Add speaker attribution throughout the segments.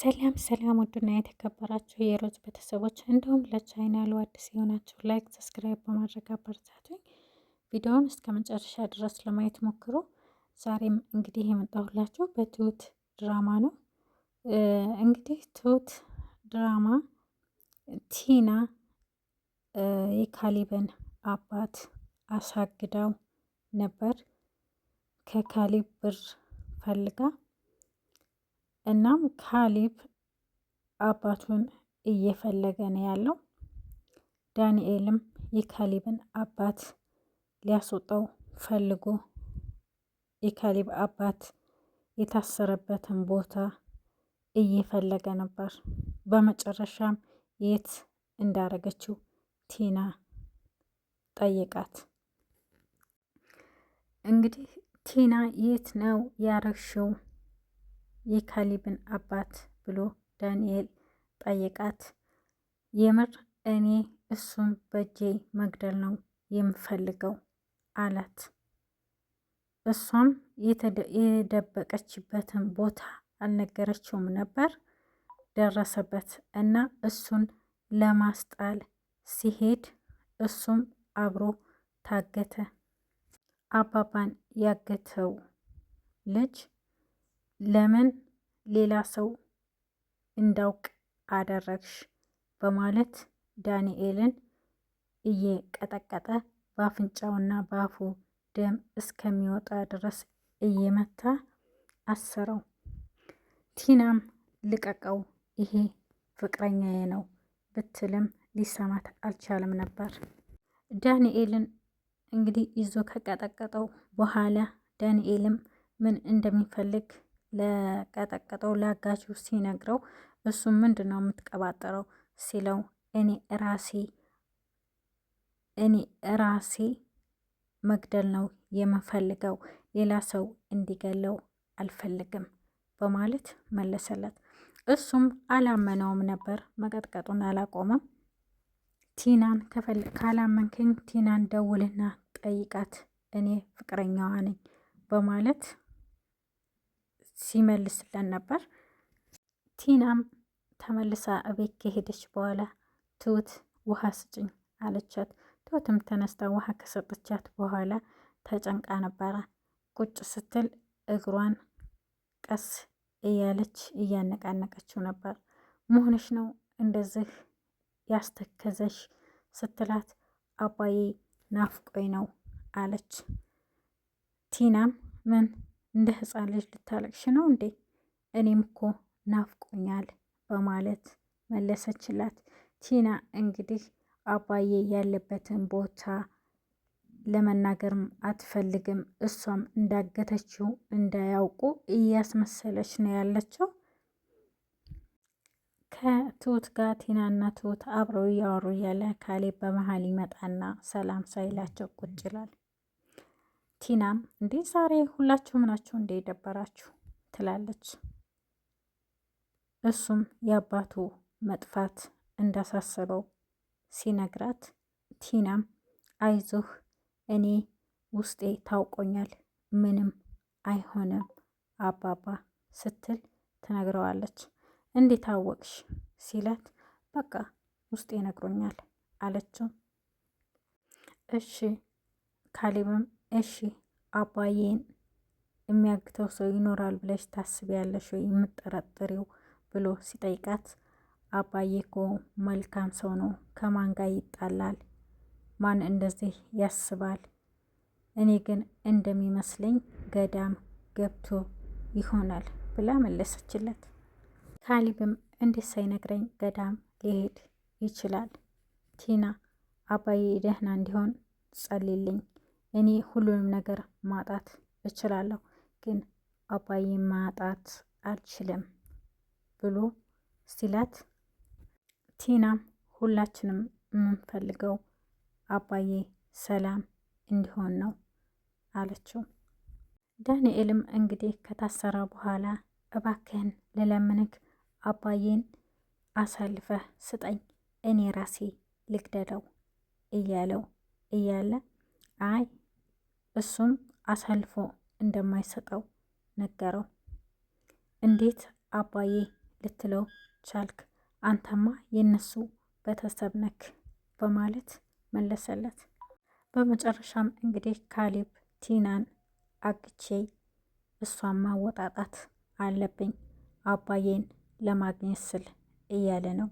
Speaker 1: ሰላም ሰላም፣ ውድና የተከበራችሁ የሮዝ ቤተሰቦች እንዲሁም ለቻይናሉ አዲስ የሆናችሁ ላይክ፣ ሰብስክራይብ በማድረግ አበረታቱኝ። ቪዲዮውን እስከ መጨረሻ ድረስ ለማየት ሞክሩ። ዛሬም እንግዲህ የመጣሁላችሁ በትሁት ድራማ ነው። እንግዲህ ትሁት ድራማ ቲና የካሊብን አባት አሳግዳው ነበር ከካሊብ ብር ፈልጋ እናም ካሊብ አባቱን እየፈለገ ነው ያለው። ዳንኤልም የካሊብን አባት ሊያስወጣው ፈልጎ የካሊብ አባት የታሰረበትን ቦታ እየፈለገ ነበር። በመጨረሻም የት እንዳረገችው ቲና ጠየቃት። እንግዲህ ቲና የት ነው ያረግሽው የካሊብን አባት ብሎ ዳንኤል ጠየቃት። የምር እኔ እሱን በእጄ መግደል ነው የምፈልገው አላት። እሷም የደበቀችበትን ቦታ አልነገረችውም ነበር። ደረሰበት እና እሱን ለማስጣል ሲሄድ እሱም አብሮ ታገተ። አባባን ያገተው ልጅ ለምን ሌላ ሰው እንዳውቅ አደረግሽ? በማለት ዳንኤልን እየቀጠቀጠ በአፍንጫውና በአፉ ደም እስከሚወጣ ድረስ እየመታ አሰረው። ቲናም ልቀቀው፣ ይሄ ፍቅረኛዬ ነው ብትልም ሊሰማት አልቻለም ነበር። ዳንኤልን እንግዲህ ይዞ ከቀጠቀጠው በኋላ ዳንኤልም ምን እንደሚፈልግ ለቀጠቀጠው ለአጋቹ ሲነግረው እሱ ምንድን ነው የምትቀባጠረው ሲለው እኔ ራሴ እኔ ራሴ መግደል ነው የምፈልገው ሌላ ሰው እንዲገለው አልፈልግም በማለት መለሰለት። እሱም አላመነውም ነበር፣ መቀጥቀጡን አላቆመም። ቲናን ካላመንከኝ ቲናን ደውልና ጠይቃት እኔ ፍቅረኛዋ ነኝ በማለት ሲመልስለን ነበር። ቲናም ተመልሳ እቤት ከሄደች በኋላ ትሁት ውሃ ስጭኝ አለቻት። ትሁትም ተነስታ ውሃ ከሰጠቻት በኋላ ተጨንቃ ነበረ። ቁጭ ስትል እግሯን ቀስ እያለች እያነቃነቀችው ነበር። መሆንሽ ነው እንደዚህ ያስተከዘሽ ስትላት አባዬ ናፍቆኝ ነው አለች። ቲናም ምን እንደ ህፃን ልጅ ልታለቅሽ ነው እንዴ? እኔም እኮ ናፍቆኛል በማለት መለሰችላት። ቲና እንግዲህ አባዬ ያለበትን ቦታ ለመናገርም አትፈልግም። እሷም እንዳገተችው እንዳያውቁ እያስመሰለች ነው ያለችው። ከትሁት ጋር ቲናና ትሁት አብረው እያወሩ እያለ ካሌብ በመሀል ይመጣና ሰላም ሳይላቸው ቁጭ ይላል። ቲናም እንዴ ዛሬ ሁላችሁም ናችሁ እንዴ ደበራችሁ ትላለች። እሱም የአባቱ መጥፋት እንዳሳሰበው ሲነግራት ቲናም አይዞህ እኔ ውስጤ ታውቆኛል፣ ምንም አይሆንም አባባ ስትል ትነግረዋለች። እንዴት አወቅሽ ሲላት በቃ ውስጤ ነግሮኛል አለችው። እሺ ካሌብም እሺ አባዬን የሚያግተው ሰው ይኖራል ብለሽ ታስቢያለሽ ወይ የምጠረጥሪው ብሎ ሲጠይቃት አባዬ እኮ መልካም ሰው ነው፣ ከማን ጋር ይጣላል? ማን እንደዚህ ያስባል? እኔ ግን እንደሚመስለኝ ገዳም ገብቶ ይሆናል ብላ መለሰችለት። ካሊብም እንዴት ሳይነግረኝ ገዳም ሊሄድ ይችላል? ቲና አባዬ ደህና እንዲሆን ጸልልኝ እኔ ሁሉንም ነገር ማጣት እችላለሁ፣ ግን አባዬ ማጣት አልችልም ብሎ ሲላት ቲናም ሁላችንም የምንፈልገው አባዬ ሰላም እንዲሆን ነው አለችው። ዳንኤልም እንግዲህ ከታሰረ በኋላ እባክህን ልለምንክ አባዬን አሳልፈህ ስጠኝ እኔ ራሴ ልግደለው እያለው እያለ አይ እሱም አሳልፎ እንደማይሰጠው ነገረው። እንዴት አባዬ ልትለው ቻልክ? አንተማ የነሱ ቤተሰብ ነክ በማለት መለሰለት። በመጨረሻም እንግዲህ ካሌብ ቲናን አግቼ እሷን ማወጣጣት አለብኝ አባዬን ለማግኘት ስል እያለ ነው።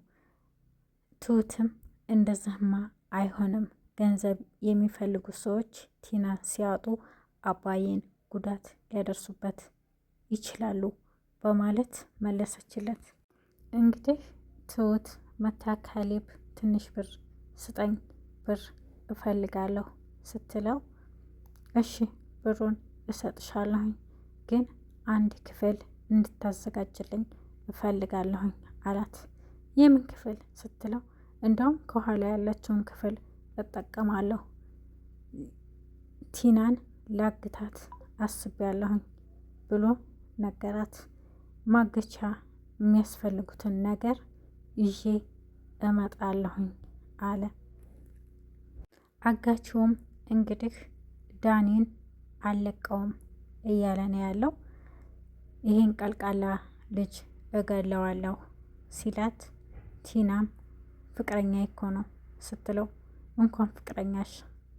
Speaker 1: ትሁትም እንደዚህማ አይሆንም ገንዘብ የሚፈልጉ ሰዎች ቲና ሲያጡ አባዬን ጉዳት ሊያደርሱበት ይችላሉ በማለት መለሰችለት። እንግዲህ ትሁት መታ ካሌብ ትንሽ ብር ስጠኝ ብር እፈልጋለሁ ስትለው እሺ ብሩን እሰጥሻለሁኝ ግን አንድ ክፍል እንድታዘጋጅልኝ እፈልጋለሁኝ አላት። የምን ክፍል ስትለው እንደውም ከኋላ ያለችውን ክፍል እጠቀማለሁ። ቲናን ላግታት አስቤያለሁኝ ብሎ ነገራት። ማገቻ የሚያስፈልጉትን ነገር ይዤ እመጣለሁኝ አለ። አጋችውም እንግዲህ ዳኒን አለቀውም እያለ ነው ያለው። ይህን ቀልቃላ ልጅ እገለዋለሁ ሲላት ቲናም ፍቅረኛ እኮ ነው ስትለው እንኳን ፍቅረኛሽ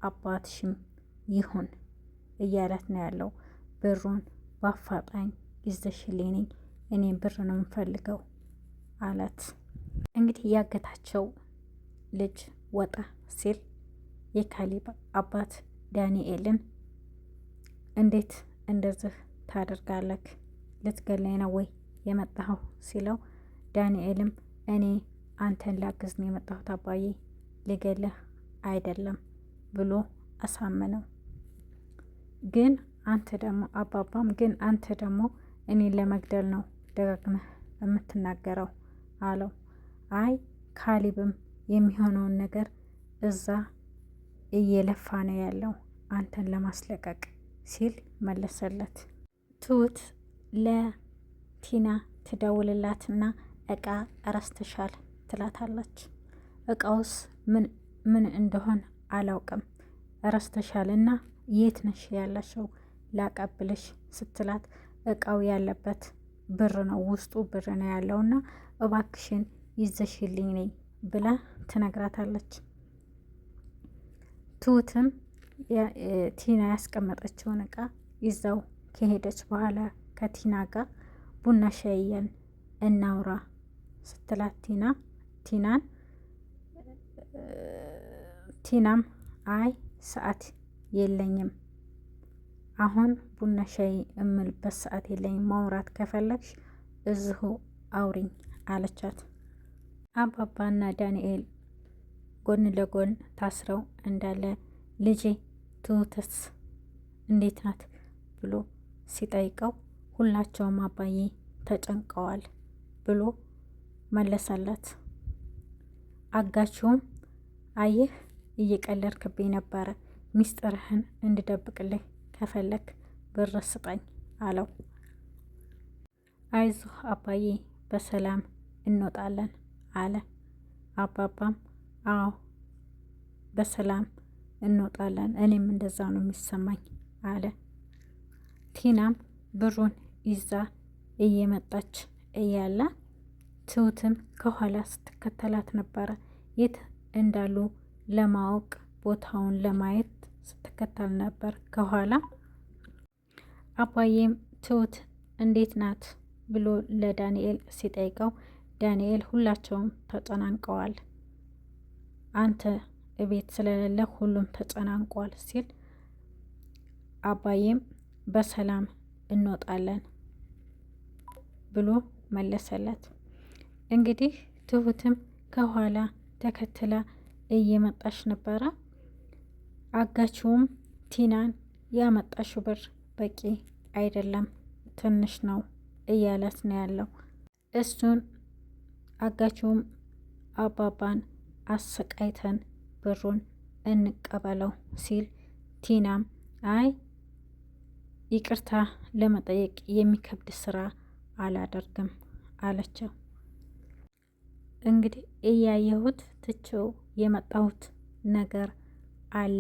Speaker 1: አባትሽም ይሁን እያለት ነው ያለው። ብሩን በአፋጣኝ ይዘሽልኝ እኔ ብር ነው የምፈልገው አላት። እንግዲህ ያገታቸው ልጅ ወጣ ሲል የካሊብ አባት ዳንኤልን እንዴት እንደዚህ ታደርጋለህ? ልትገለኝ ነው ወይ የመጣኸው ሲለው ዳንኤልም እኔ አንተን ላግዝ ነው የመጣሁት አባዬ ልገለህ አይደለም ብሎ አሳመነው። ግን አንተ ደግሞ አባባም ግን አንተ ደግሞ እኔን ለመግደል ነው ደጋግመህ የምትናገረው አለው። አይ ካሊብም የሚሆነውን ነገር እዛ እየለፋ ነው ያለው አንተን ለማስለቀቅ ሲል መለሰለት። ትሁት ለቲና ትደውልላትና እቃ እረስተሻል ትላታለች። እቃውስ ምን ምን እንደሆን አላውቅም። ረስተሻልና የት ነሽ ያላቸው ላቀብልሽ ስትላት እቃው ያለበት ብር ነው ውስጡ ብር ነው ያለውና እባክሽን ይዘሽልኝ ነኝ ብላ ትነግራታለች። ትሁትም ቲና ያስቀመጠችውን እቃ ይዛው ከሄደች በኋላ ከቲና ጋር ቡና ሻይ እያልን እናውራ ስትላት ቲና ቲናን ቲናም አይ ሰዓት የለኝም አሁን ቡና ሻይ እምልበት ሰዓት የለኝም፣ ማውራት ከፈለግሽ እዚሁ አውሪኝ አለቻት። አባባ እና ዳንኤል ጎን ለጎን ታስረው እንዳለ ልጄ ትሁትስ እንዴት ናት ብሎ ሲጠይቀው ሁላቸውም አባዬ ተጨንቀዋል ብሎ መለሳላት። አጋችሁም አየህ እየቀለድክብኝ ነበረ። ሚስጥርህን እንድደብቅልህ ከፈለክ ብር ስጠኝ አለው። አይዞህ አባዬ በሰላም እንወጣለን አለ። አባባም አዎ በሰላም እንወጣለን፣ እኔም እንደዛ ነው የሚሰማኝ አለ። ቲናም ብሩን ይዛ እየመጣች እያለ ትሁትም ከኋላ ስትከተላት ነበረ የት እንዳሉ ለማወቅ ቦታውን ለማየት ስትከተል ነበር ከኋላ። አባዬም ትሁት እንዴት ናት ብሎ ለዳንኤል ሲጠይቀው ዳንኤል ሁላቸውም ተጨናንቀዋል፣ አንተ እቤት ስለሌለ ሁሉም ተጨናንቋል ሲል አባዬም በሰላም እንወጣለን ብሎ መለሰለት። እንግዲህ ትሁትም ከኋላ ተከትላ እየመጣሽ ነበረ። አጋችውም ቲናን ያመጣሽው ብር በቂ አይደለም፣ ትንሽ ነው እያላት ነው ያለው። እሱን አጋችውም አባባን አሰቃይተን ብሩን እንቀበለው ሲል ቲናም አይ ይቅርታ ለመጠየቅ የሚከብድ ስራ አላደርግም አለችው። እንግዲህ እያየሁት ትቼው የመጣሁት ነገር አለ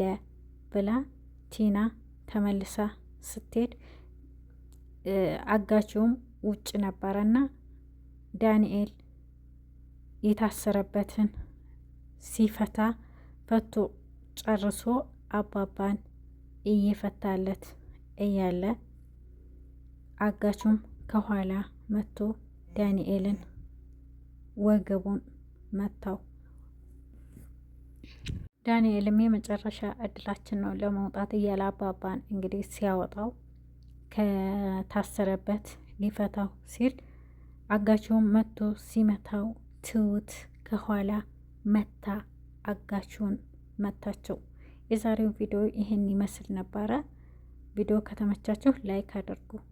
Speaker 1: ብላ ቲና ተመልሳ ስትሄድ አጋችውም ውጭ ነበረና ዳንኤል የታሰረበትን ሲፈታ ፈቶ ጨርሶ አባባን እየፈታለት እያለ አጋቹም ከኋላ መጥቶ ዳንኤልን ወገቡን መታው። ዳንኤልም የመጨረሻ እድላችን ነው ለመውጣት እያለ አባባን እንግዲህ ሲያወጣው ከታሰረበት ሊፈታው ሲል አጋቹን መቶ ሲመታው ትሁት ከኋላ መታ አጋቹን መታቸው። የዛሬው ቪዲዮ ይህን ይመስል ነበረ። ቪዲዮ ከተመቻችሁ ላይክ አድርጉ።